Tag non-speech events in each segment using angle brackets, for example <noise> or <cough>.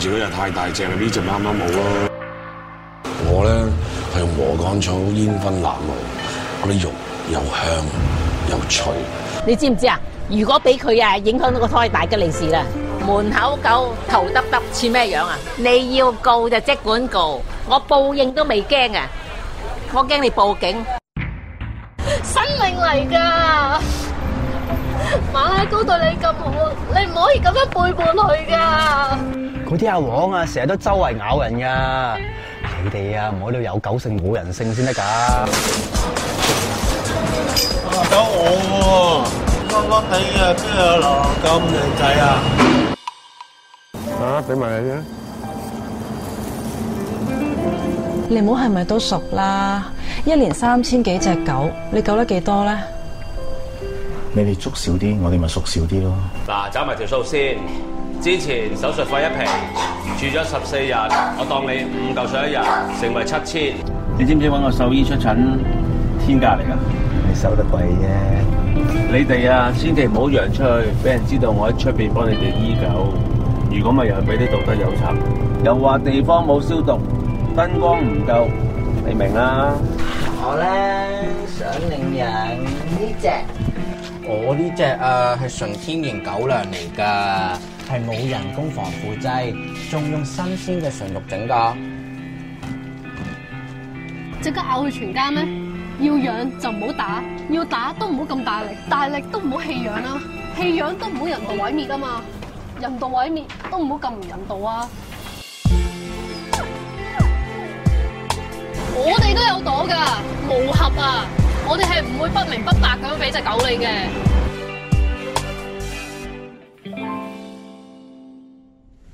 自己又太大隻，呢隻咪啱啱好咯。我咧係用禾稈草煙燻鴨肉，啲肉又香又脆。你知唔知啊？如果俾佢啊影響到個胎大吉利是啦。門口狗頭耷耷似咩樣啊？你要告就即管告，我報應都未驚啊！我驚你報警。生命嚟㗎，馬拉糕對你咁好，你唔可以咁樣背叛佢㗎。嗰啲阿黃啊，成日都周圍咬人噶，你哋啊，唔可以都有狗性冇人性先得噶。狗惡喎，笠笠地啊，邊個攔？咁靚仔啊！啊，俾埋你先。你唔好係咪都熟啦？一年三千幾隻狗，你救得幾多咧？你哋捉少啲，我哋咪熟少啲咯。嗱，走埋條數先。之前手術費一平，住咗十四日，我當你五嚿水一日，成為七千。你知唔知揾個獸醫出診？天價嚟㗎，收得貴啫。你哋啊， <music> 千祈唔好揚出去，俾人知道我喺出邊幫你哋醫狗。如果咪又俾啲道德友寸，又話地方冇消毒，燈光唔夠，你明啦。我咧想領養呢隻，我呢隻啊係純天然狗糧嚟㗎。係冇人工防腐劑，仲用新鮮嘅純肉整噶。即刻咬佢全家咩？要養就唔好打，要打都唔好咁大力，大力都唔好棄養啦，棄養都唔好人道毀滅啊嘛，人道毀滅都唔好咁唔人道啊。我哋都有朵噶，無合啊！我哋係唔會不明不白咁樣俾隻狗你嘅。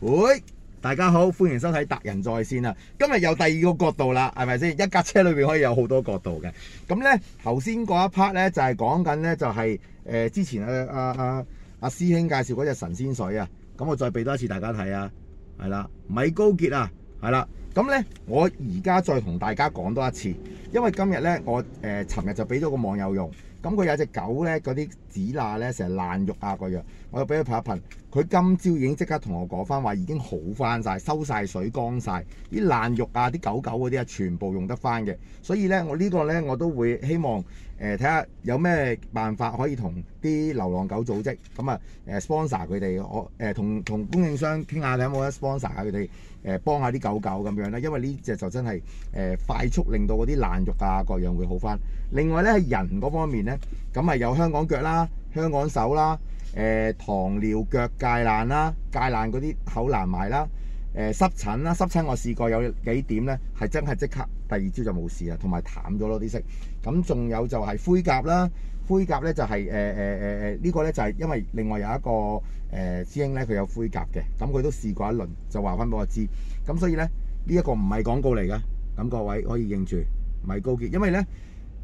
喂，大家好，歡迎收睇達仁在線啊！今日有第二個角度啦，係咪先？一架車裏邊可以有好多角度嘅。咁呢頭先嗰一 part 呢，就係講緊呢，就係誒，之前阿阿阿阿師兄介紹嗰隻神仙水啊。咁我再俾多一次大家睇啊，係啦，米高傑啊，係啦。咁呢，我而家再同大家講多一次，因為今日呢，我誒，尋、呃、日就俾咗個網友用。咁佢、嗯、有隻狗呢，嗰啲紙罅呢，成日爛肉啊、個樣，我又俾佢拍一噴。佢今朝已經即刻同我講翻話，已經好翻晒，收晒水，乾晒。啲爛肉啊，啲狗狗嗰啲啊，全部用得翻嘅。所以呢，我呢個呢，我都會希望。誒睇下有咩辦法可以同啲流浪狗組織咁啊，誒 sponsor 佢哋，我誒同同供應商傾下睇有冇 sponsor 啊佢哋，誒幫下啲狗狗咁樣咧，因為呢隻就真係誒、呃、快速令到嗰啲爛肉啊各樣會好返。另外咧人嗰方面咧，咁咪有香港腳啦、香港手啦、誒糖尿腳戒、疥爛啦、疥爛嗰啲口難埋啦、誒、呃、濕疹啦，濕疹我試過有幾點咧係真係即刻。第二朝就冇事啦，同埋淡咗咯啲色。咁仲有就係灰甲啦，灰甲呢就係誒誒誒呢個呢就係因為另外有一個誒、呃、師兄呢，佢有灰甲嘅，咁佢都試過一輪，就話返俾我知。咁所以呢，呢、這、一個唔係廣告嚟㗎，咁各位可以認住，唔係高潔。因為呢，誒、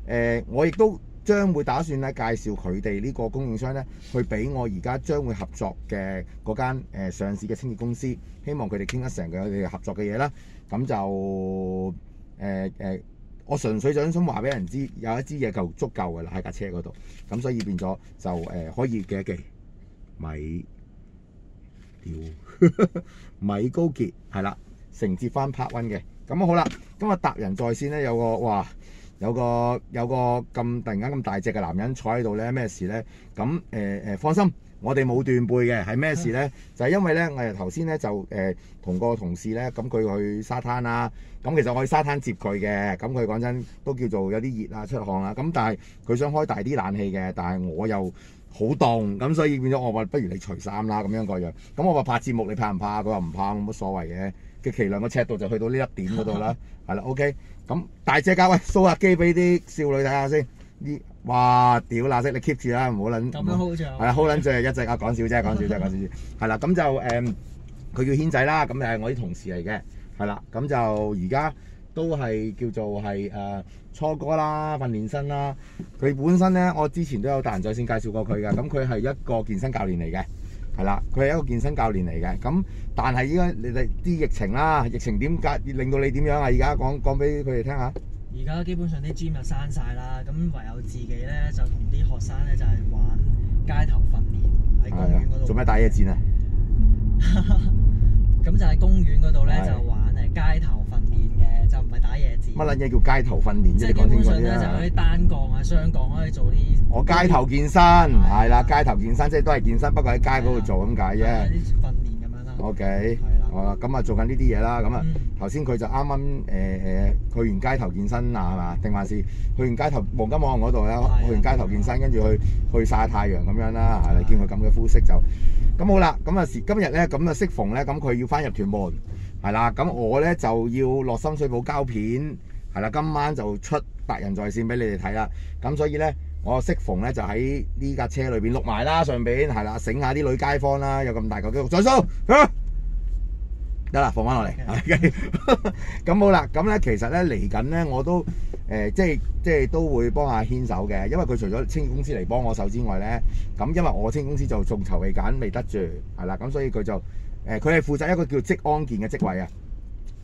呃、我亦都將會打算呢介紹佢哋呢個供應商呢，去俾我而家將會合作嘅嗰間上市嘅清潔公司，希望佢哋傾得成嘅合作嘅嘢啦。咁就。誒誒、呃，我純粹想想話俾人知，有一支嘢夠足夠嘅啦喺架車嗰度，咁所以變咗就誒、呃、可以記一記米屌米高傑係啦，承接翻 Part One 嘅，咁好啦，今日達仁在線咧，有個哇，有個有個咁突然間咁大隻嘅男人坐喺度咧，咩事咧？咁誒誒，放心。我哋冇斷背嘅，係咩事咧？就係、是、因為咧，我哋頭先咧就誒、呃、同個同事咧，咁佢去沙灘啦、啊，咁其實我去沙灘接佢嘅，咁佢講真都叫做有啲熱啊、出汗啊，咁但係佢想開大啲冷氣嘅，但係我又好凍，咁所以變咗我話不如你除衫啦咁樣個樣，咁我話拍節目你怕唔、啊、怕？佢又唔怕，冇乜所謂嘅。嘅其量個尺度就去到呢一點嗰度啦，係啦 <laughs> ，OK。咁大隻家威 s 下機俾啲少女睇下先。哇！屌那色，你 keep 住啦，唔好捻。咁對好，好笑ここ。係、啊、啦，好捻笑，一陣間講笑啫，講笑啫，講笑。係啦，咁就誒，佢叫軒仔啦，咁又係我啲同事嚟嘅。係啦，咁就而家都係叫做係誒、啊、初哥啦，訓練生啦。佢本身咧，我之前都有達仁在線介紹過佢嘅。咁佢係一個健身教練嚟嘅。係啦，佢係一個健身教練嚟嘅。咁但係依家你哋啲疫情啦，疫情點解令到你點樣啊？而家講講俾佢哋聽下。而家基本上啲 gym 又閂曬啦，咁唯有自己咧就同啲學生咧就係、是、玩街頭訓練喺公園嗰度。做咩打野戰啊？咁 <laughs> 就喺公園嗰度咧就玩誒街頭訓練嘅，就唔係打野戰。乜撚嘢叫街頭訓練？即係是你講清楚，基本上咧就嗰啲單槓啊、雙槓可以做啲。我街頭健身，係啦的，街頭健身即係都係健身，不過喺街嗰度做咁解啫。啲訓練咁樣啦。O K。咁啊、嗯嗯、做緊呢啲嘢啦，咁啊頭先佢就啱啱誒誒去完街頭健身啊，係嘛？定還是去完街頭黃金網嗰度咧？去完街頭健身，跟住去的去曬太陽咁樣啦，係啦的，你見佢咁嘅膚色就咁好啦。咁啊今日咧咁啊適逢咧，咁佢要翻入屯門係啦，咁我咧就要落深水埗膠片係啦，今晚就出達仁在線俾你哋睇啦。咁所以咧我適逢咧就喺呢架車裏邊碌埋啦上邊係啦，醒下啲女街坊啦，有咁大個肌肉，上數得啦，放翻落嚟。咁 <laughs> 好啦，咁呢其實呢，嚟緊呢我都誒、呃、即係即係都會幫下牽手嘅，因為佢除咗清潔公司嚟幫我手之外呢，咁因為我清潔公司就仲籌未揀，未得住，係啦，咁所以佢就誒佢係負責一個叫職安健嘅職位啊，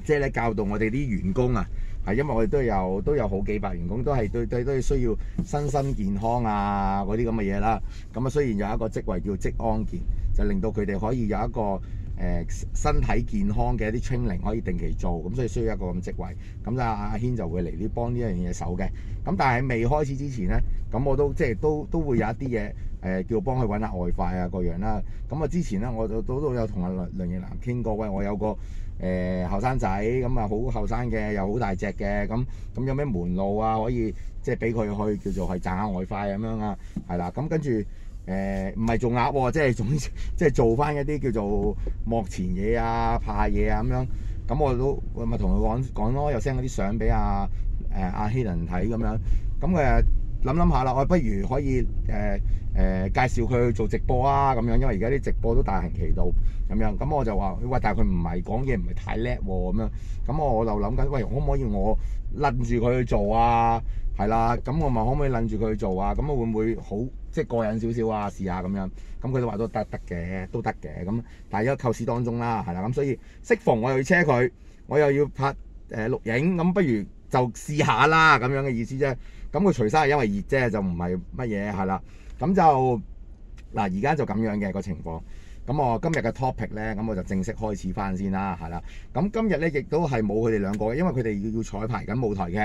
即係咧教導我哋啲員工啊，係因為我哋都有都有好幾百員工，都係對對都要需要身心健康啊嗰啲咁嘅嘢啦。咁啊，雖然有一個職位叫職安健，就令到佢哋可以有一個，誒身體健康嘅一啲 training 可以定期做，咁所以需要一個咁職位，咁就阿軒就會嚟呢幫呢一樣嘢手嘅。咁但係未開始之前咧，咁我都即係都都會有一啲嘢誒叫幫佢揾下外快啊個樣啦。咁啊之前咧，我都都都有同阿梁林亦南傾過，喂，我有個誒後生仔，咁啊好後生嘅，又好大隻嘅，咁咁有咩門路啊可以即係俾佢去叫做係賺下外快咁樣啊？係啦，咁跟住。誒唔係做鴨，即係做即係做翻一啲叫做幕前嘢啊、拍下嘢啊咁樣。咁我都咪同佢講講咯，又 send 嗰啲相俾阿誒阿希倫睇咁樣。咁佢誒諗諗下啦，我不如可以誒誒介紹佢去做直播啊咁樣，因為而家啲直播都大行其道咁樣。咁我就話喂，但係佢唔係講嘢，唔係太叻喎咁樣。咁我就諗緊，喂可唔可以我撚住佢去做啊？係啦，咁我咪可唔可以撚住佢去做啊？咁會唔會好？即係個人少少啊，試下咁樣，咁佢都話都得得嘅，都得嘅咁。但係而家構思當中啦，係啦，咁所以，適逢我又要車佢，我又要拍誒、呃、錄影，咁不如就試下啦，咁樣嘅意思啫。咁佢除晒，係因為熱啫，就唔係乜嘢係啦。咁就嗱，而家就咁樣嘅個情況。咁我今日嘅 topic 咧，咁我就正式開始翻先啦，係啦。咁今日咧亦都係冇佢哋兩個，因為佢哋要要彩排緊舞台劇。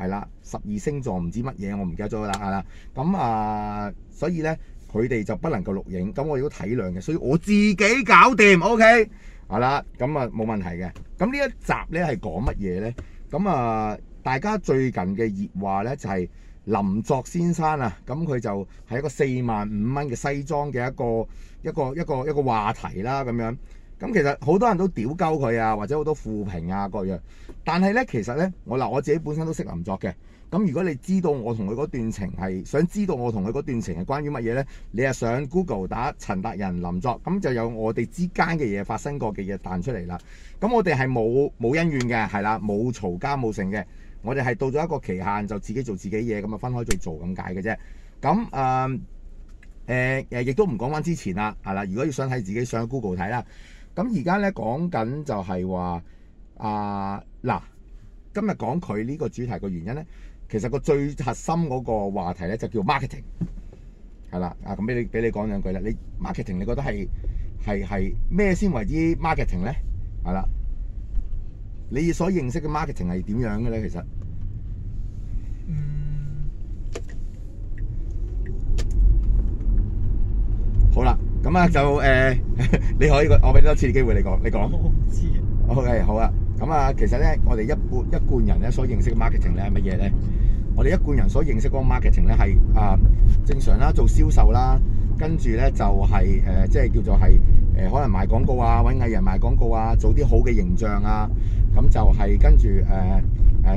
係啦，十二星座唔知乜嘢，我唔記得咗啦，係啦。咁啊，所以呢，佢哋就不能夠錄影，咁我都體諒嘅，所以我自己搞掂，OK，係啦，咁啊冇問題嘅。咁呢一集呢係講乜嘢呢？咁啊，大家最近嘅熱話呢就係林作先生啊，咁佢就係一個四萬五蚊嘅西裝嘅一,一,一個一個一個一個話題啦，咁樣。咁其實好多人都屌鳩佢啊，或者好多負評啊各樣。但係呢，其實呢，我嗱我自己本身都識林作嘅。咁如果你知道我同佢嗰段情係，想知道我同佢嗰段情係關於乜嘢呢？你係上 Google 打陳達仁林作，咁就有我哋之間嘅嘢發生過嘅嘢彈出嚟啦。咁我哋係冇冇恩怨嘅，係啦，冇嘈家冇剩嘅。我哋係到咗一個期限就自己做自己嘢，咁啊分開做做咁解嘅啫。咁誒誒亦都唔講翻之前啦，係啦。如果要想睇自己上 Google 睇啦。咁而家咧，講緊就係話啊，嗱，今日講佢呢個主題嘅原因咧，其實個最核心嗰個話題咧就叫 marketing，係啦，啊咁俾你俾你講兩句啦，你 marketing 你覺得係係係咩先為之 marketing 咧？係啦，你所認識嘅 marketing 係點樣嘅咧？其實？咁啊，就誒、呃，你可以我俾多次機會你講，你講。我唔知啊。OK，好啊。咁啊，其實咧，我哋一般一般人咧所認識嘅 marketing 咧係乜嘢咧？我哋一般人所認識嗰個 marketing 咧係啊，正常啦，做銷售啦，跟住咧就係、是、誒、呃，即係叫做係誒、呃，可能賣廣告啊，揾藝人賣廣告啊，做啲好嘅形象啊，咁就係跟住誒誒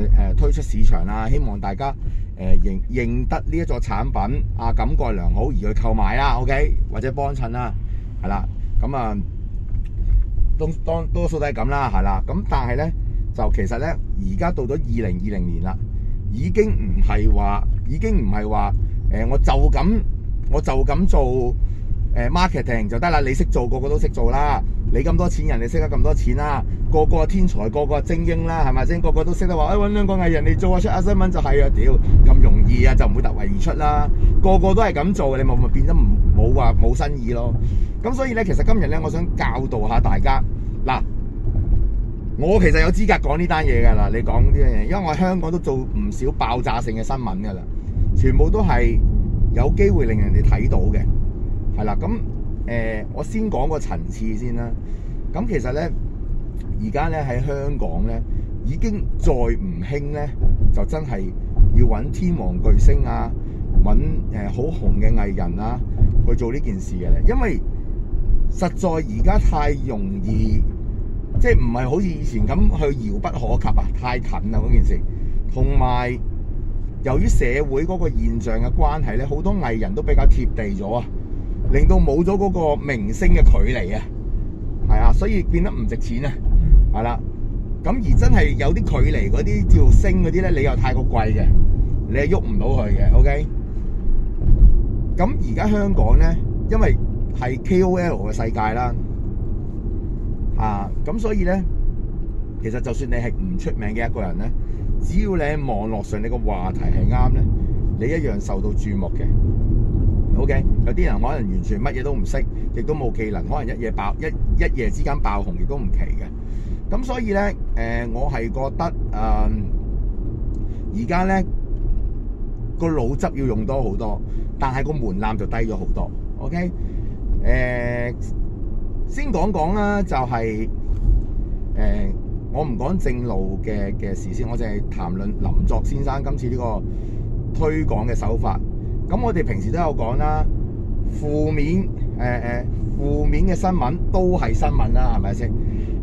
誒推出市場啊，希望大家。誒認認得呢一座產品，啊，感覺良好而去購買啦，OK，或者幫襯啦，係啦，咁、嗯、啊，多多多數都係咁啦，係啦，咁但係咧，就其實咧，而家到咗二零二零年啦，已經唔係話，已經唔係話，誒、呃、我就咁我就咁做誒、呃、marketing 就得啦，你識做個個都識做啦。你咁多錢，人哋識得咁多錢啦，個個天才，個個精英啦，係咪先？個個都識得話，哎、欸、搵兩個藝人嚟做啊出下新聞就係啊，屌咁容易啊，就唔會突圍而出啦、啊。個個都係咁做嘅，你咪咪變得唔冇話冇新意咯。咁所以咧，其實今日咧，我想教導下大家嗱，我其實有資格講呢單嘢㗎啦。你講啲嘢，因為我喺香港都做唔少爆炸性嘅新聞㗎啦，全部都係有機會令人哋睇到嘅，係啦咁。誒、呃，我先講個層次先啦。咁其實呢，而家呢喺香港呢，已經再唔興呢，就真係要揾天王巨星啊，揾誒好紅嘅藝人啊去做呢件事嘅喇。因為實在而家太容易，即係唔係好似以前咁去遙不可及啊，太近啦嗰件事。同埋由於社會嗰個現象嘅關係呢，好多藝人都比較貼地咗啊。令到冇咗嗰個明星嘅距離啊，係啊，所以變得唔值錢啊，係啦。咁而真係有啲距離嗰啲叫星嗰啲咧，你又太過貴嘅，你係喐唔到佢嘅。OK。咁而家香港咧，因為係 KOL 嘅世界啦，啊，咁所以咧，其實就算你係唔出名嘅一個人咧，只要你喺網絡上你個話題係啱咧，你一樣受到注目嘅。O.K. 有啲人可能完全乜嘢都唔識，亦都冇技能，可能一夜爆一一夜之間爆紅，亦都唔奇嘅。咁所以呢，誒，我係覺得誒，而家呢個腦汁要用多好多，但係個門檻就低咗好多。O.K. 誒，先講講啦，就係誒，我唔講正路嘅嘅事先，我淨係談論林作先生今次呢個推廣嘅手法。咁我哋平時都有講啦，負、欸、面誒誒，負面嘅新聞都係新聞啦，係咪先？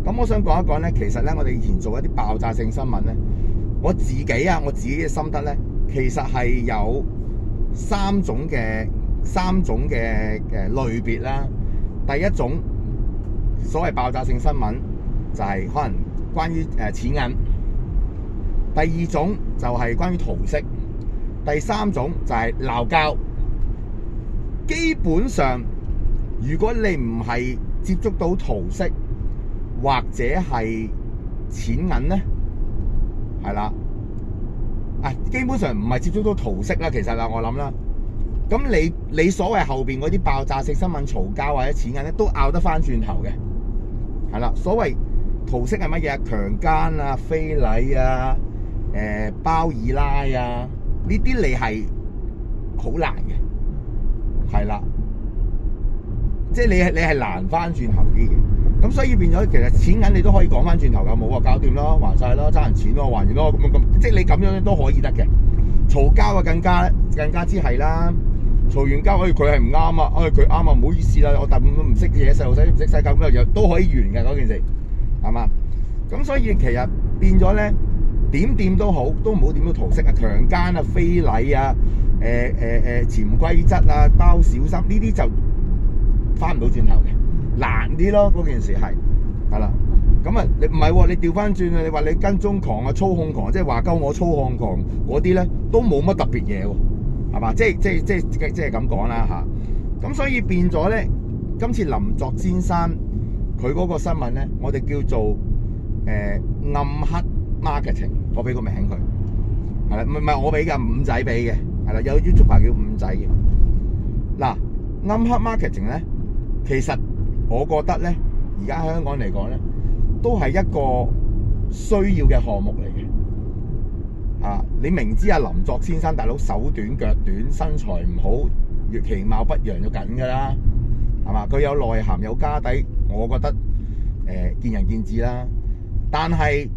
咁我想講一講咧，其實咧我哋以前做一啲爆炸性新聞咧，我自己啊我自己嘅心得咧，其實係有三種嘅三種嘅誒類別啦。第一種所謂爆炸性新聞就係、是、可能關於誒錢銀，第二種就係關於塗色。第三種就係鬧交，基本上如果你唔係接觸到桃色或者係錢銀呢，係啦啊，基本上唔係接觸到桃色啦。其實啊，我諗啦，咁你你所謂後邊嗰啲爆炸性新聞、嘈交或者錢銀呢，都拗得翻轉頭嘅係啦。所謂桃色係乜嘢？強姦啊、非禮啊、誒包二奶啊。呢啲你係好難嘅，係啦，即係你係你係難翻轉頭啲嘅，咁所以變咗其實錢銀你都可以講翻轉頭嘅，冇話，搞掂咯，還晒咯，爭人錢咯，還完咯，咁咁即係你咁樣都可以得嘅，嘈交啊更加更加之係啦，嘈完交，哎佢係唔啱啊，哎佢啱啊，唔好意思啦，我特登唔識嘢，細路仔唔識世界咁又都可以完嘅嗰件事，係嘛？咁所以其實變咗咧。點點都好，都唔好點到桃色啊！強姦啊、非禮啊、誒誒誒潛規則啊、包小三呢啲就翻唔到轉頭嘅，難啲咯。嗰件事係係啦，咁啊你唔係喎，你調翻轉啊！你話你跟蹤狂啊、操控狂，即係話鳩我操控狂嗰啲咧，都冇乜特別嘢喎，係嘛？即係即係即係即係咁講啦吓。咁所以變咗咧，今次林作先生佢嗰個新聞咧，我哋叫做誒、呃、暗黑 marketing。我俾個名佢，係啦，唔係唔係我俾㗎，五仔俾嘅，係啦，有 YouTuber 叫五仔嘅。嗱，暗黑 marketing 咧，其實我覺得咧，而家香港嚟講咧，都係一個需要嘅項目嚟嘅。啊，你明知阿林作先生大佬手短腳短，身材唔好，越其貌不揚就緊㗎啦，係嘛？佢有內涵有家底，我覺得誒見仁見智啦。但係，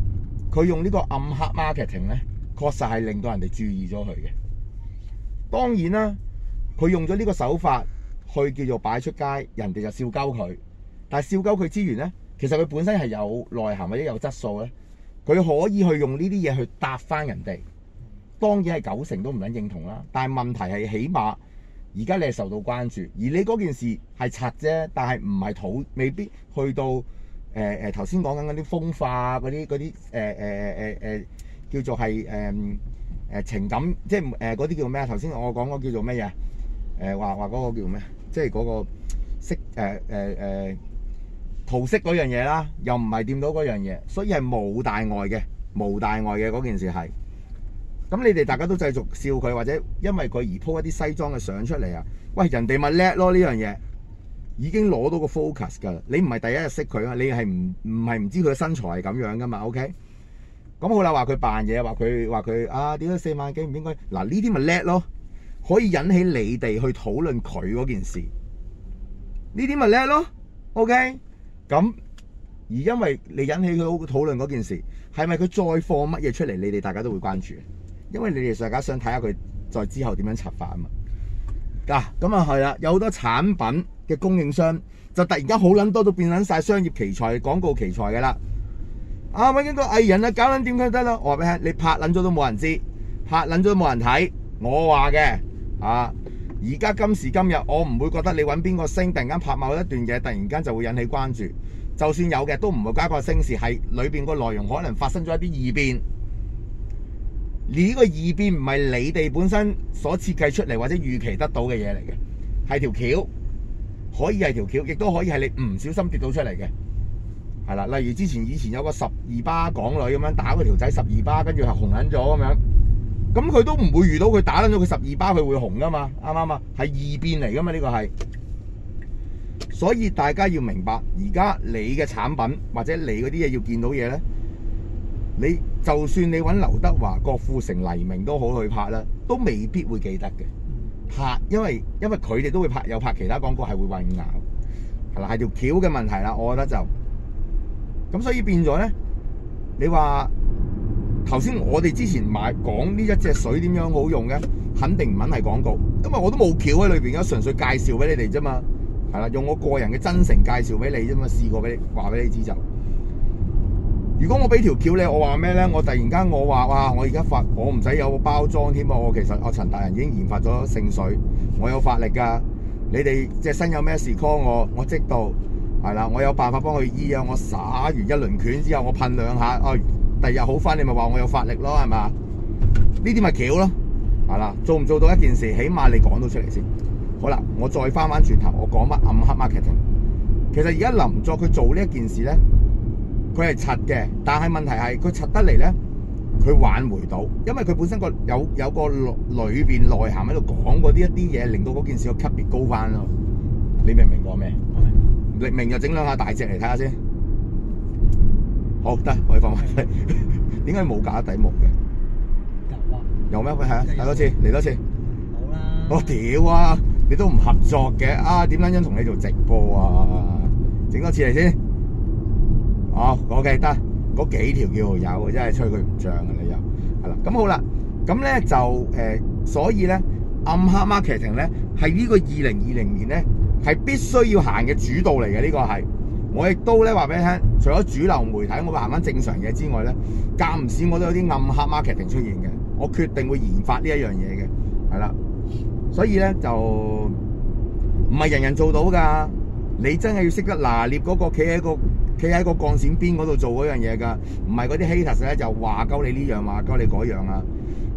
佢用呢個暗黑 marketing 呢，確實係令到人哋注意咗佢嘅。當然啦，佢用咗呢個手法去叫做擺出街，人哋就笑鳩佢。但係笑鳩佢之餘呢，其實佢本身係有內涵或者有質素呢，佢可以去用呢啲嘢去答翻人哋。當然係九成都唔肯認同啦。但係問題係，起碼而家你係受到關注，而你嗰件事係拆啫，但係唔係土，未必去到。誒誒頭先講緊嗰啲風化嗰啲啲誒誒誒誒叫做係誒誒情感，即係誒嗰啲叫咩啊？頭先我講嗰叫做咩嘢？誒話話嗰個叫咩？即係嗰個識誒誒誒桃色嗰樣嘢啦，又唔係掂到嗰樣嘢，所以係冇大礙嘅，冇大礙嘅嗰件事係。咁你哋大家都繼續笑佢，或者因為佢而 po 一啲西裝嘅相出嚟啊？喂，人哋咪叻咯呢樣嘢。已經攞到個 focus 㗎，你唔係第一日識佢啊，你係唔唔係唔知佢嘅身材係咁樣噶嘛？OK，咁好啦，話佢扮嘢，話佢話佢啊點解四萬幾唔應該？嗱呢啲咪叻咯，可以引起你哋去討論佢嗰件事，呢啲咪叻咯？OK，咁而因為你引起佢好討論嗰件事，係咪佢再放乜嘢出嚟？你哋大家都會關注，因為你哋大家想睇下佢在之後點樣策劃啊嘛。嗱，咁啊係啦，有好多產品嘅供應商就突然間好捻多都變捻晒商業奇才、廣告奇才噶啦。啊，搵邊個藝人啊搞捻點解得咯？我話俾你聽，你拍捻咗都冇人知，拍捻咗都冇人睇。我話嘅啊，而家今時今日，我唔會覺得你搵邊個星突然間拍某一段嘢，突然間就會引起關注。就算有嘅，都唔會加個星事，係裏邊個內容可能發生咗一啲異變。呢個異變唔係你哋本身所設計出嚟或者預期得到嘅嘢嚟嘅，係條橋，可以係條橋，亦都可以係你唔小心跌到出嚟嘅，係啦。例如之前以前有個十二巴港女咁樣打嗰條仔十二巴，跟住係紅撚咗咁樣，咁佢都唔會遇到佢打撚咗個十二巴佢會紅噶嘛，啱啱啊？係異變嚟噶嘛，呢個係，所以大家要明白，而家你嘅產品或者你嗰啲嘢要見到嘢咧。你就算你揾劉德華、郭富城、黎明都好去拍啦，都未必會記得嘅。拍，因為因為佢哋都會拍，又拍其他廣告，係會混淆，係啦，係條橋嘅問題啦。我覺得就咁，所以變咗咧，你話頭先，我哋之前買講呢一隻水點樣好用嘅，肯定唔肯係廣告，因為我都冇橋喺裏邊嘅，純粹介紹俾你哋啫嘛。係啦，用我個人嘅真誠介紹俾你啫嘛，試過俾你話俾你知就是。如果我俾條橋你，我話咩咧？我突然間我話哇，我而家發，我唔使有個包裝添啊！我其實我陳大人已經研發咗聖水，我有法力㗎。你哋隻身有咩事 call 我，我即到係啦。我有辦法幫佢醫啊！我耍完一輪拳之後，我噴兩下，啊、哎，第二日好返，你咪話我有法力咯，係嘛？呢啲咪橋咯，係啦。做唔做到一件事，起碼你講到出嚟先。好啦，我再翻返轉頭，我講乜暗黑 marketing。其實而家林作佢做呢一件事咧。佢係拆嘅，但係問題係佢拆得嚟咧，佢挽回到，因為佢本身個有有個裏邊內涵喺度講嗰啲一啲嘢，令到嗰件事個級別高翻咯。你明唔明講咩？我明。明就整兩下大隻嚟睇下先。好得，我放埋。點解冇假底木嘅？有咩？係啊，睇多次，嚟多次。冇啦。我屌啊！你都唔合作嘅啊？點撚樣同你做直播啊？整多次嚟先。哦，OK 得，嗰幾條叫有，真係吹佢唔漲嘅理由。係啦，咁、嗯、好啦，咁咧就誒、呃，所以咧暗黑 marketing 咧係呢個二零二零年咧係必須要行嘅主導嚟嘅呢個係，我亦都咧話俾你聽，除咗主流媒體我行緊正常嘢之外咧，間唔時我都有啲暗黑 marketing 出現嘅，我決定會研發呢一樣嘢嘅，係啦，所以咧就唔係人人做到㗎，你真係要識得拿捏嗰個企喺個。你喺個鋼線邊嗰度做嗰樣嘢㗎，唔係嗰啲 hater 咧就話鳩你呢樣，話鳩你嗰樣啊。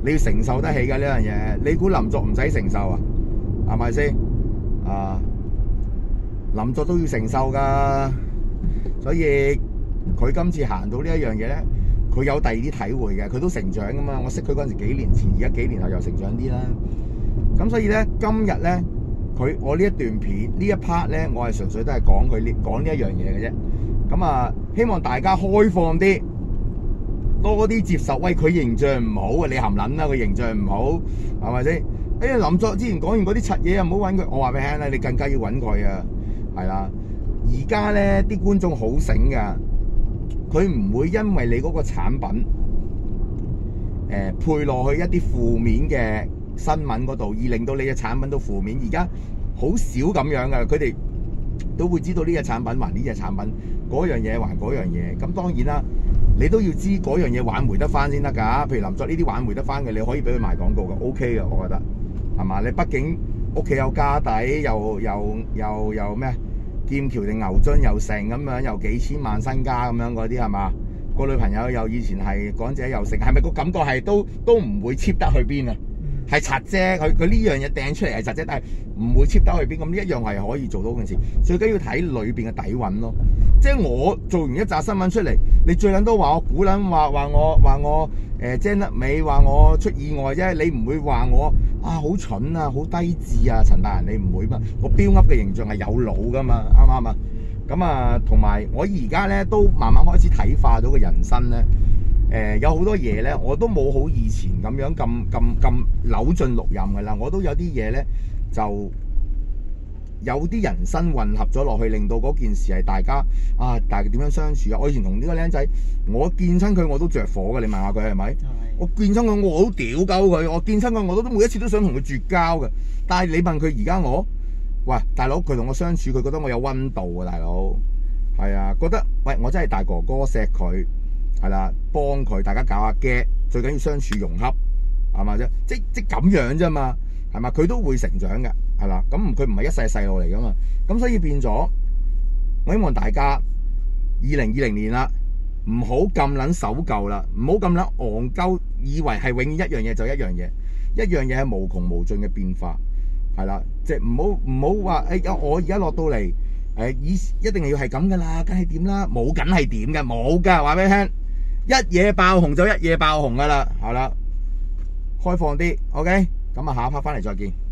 你要承受得起㗎呢樣嘢。你估林作唔使承受啊，係咪先啊？林作都要承受㗎，所以佢今次行到呢一樣嘢咧，佢有第二啲體會嘅，佢都成長㗎嘛。我識佢嗰陣時幾年前，而家幾年後又成長啲啦。咁所以咧，今日咧佢我呢一段片一呢一 part 咧，我係純粹都係講佢呢講呢一樣嘢嘅啫。咁啊，希望大家開放啲，多啲接受。喂，佢形象唔好啊，你含撚啦，佢形象唔好，係咪先？哎、欸、呀，林作之前講完嗰啲柒嘢啊，唔好揾佢。我話俾你聽啦，你更加要揾佢啊，係啦。而家咧啲觀眾好醒噶，佢唔會因為你嗰個產品，誒、呃、配落去一啲負面嘅新聞嗰度，而令到你嘅產品都負面。而家好少咁樣噶，佢哋都會知道呢隻產品還呢隻產品。呃這個產品嗰樣嘢還嗰樣嘢，咁當然啦，你都要知嗰樣嘢挽回得翻先得㗎。譬如林作呢啲挽回得翻嘅，你可以俾佢賣廣告㗎，OK 㗎。我覺得係嘛？你畢竟屋企有家底，又又又又咩劍橋定牛津又成咁樣，又幾千萬身家咁樣嗰啲係嘛？個女朋友又以前係港姐又成，係咪個感覺係都都唔會 cheap 得去邊啊？係擦啫，佢佢呢樣嘢掟出嚟係擦啫，但係唔會 cheap 得去邊咁。一樣係可以做到件事，最緊要睇裏邊嘅底蘊咯。即係我做完一紮新聞出嚟，你最捻都話我古捻話話我話我誒，驚甩尾話我出意外啫，你唔會話我啊好蠢啊，好低智啊，陳大人你唔會嘛？我 build up 嘅形象係有腦噶嘛，啱唔啱啊？咁啊，同埋我而家咧都慢慢開始睇化咗個人生咧，誒、呃，有好多嘢咧，我都冇好以前咁樣咁咁咁扭盡六壬噶啦，我都有啲嘢咧就。有啲人生混合咗落去，令到嗰件事係大家啊，但係點樣相處啊？我以前同呢個僆仔，我見親佢我都着火嘅。你問下佢係咪？我見親佢我好屌鳩佢，我見親佢我都每一次都想同佢絕交嘅。但係你問佢而家我，喂，大佬佢同我相處，佢覺得我有溫度啊，大佬係啊，覺得喂我真係大哥哥錫佢係啦，幫佢大家搞下 game，最緊要相處融洽係嘛啫，即即咁樣啫嘛係嘛，佢都會成長嘅。係啦，咁佢唔係一世細路嚟噶嘛，咁所以變咗，我希望大家二零二零年啦，唔好咁捻守舊啦，唔好咁捻戇鳩，以為係永遠一樣嘢就一樣嘢，一樣嘢係無窮無盡嘅變化，係啦，即係唔好唔好話，哎呀我而家落到嚟，誒以一定係要係咁噶啦，梗係點啦，冇梗係點嘅，冇噶，話俾你聽，一夜爆紅就一夜爆紅噶啦，係啦，開放啲，OK，咁啊下一 part 翻嚟再見。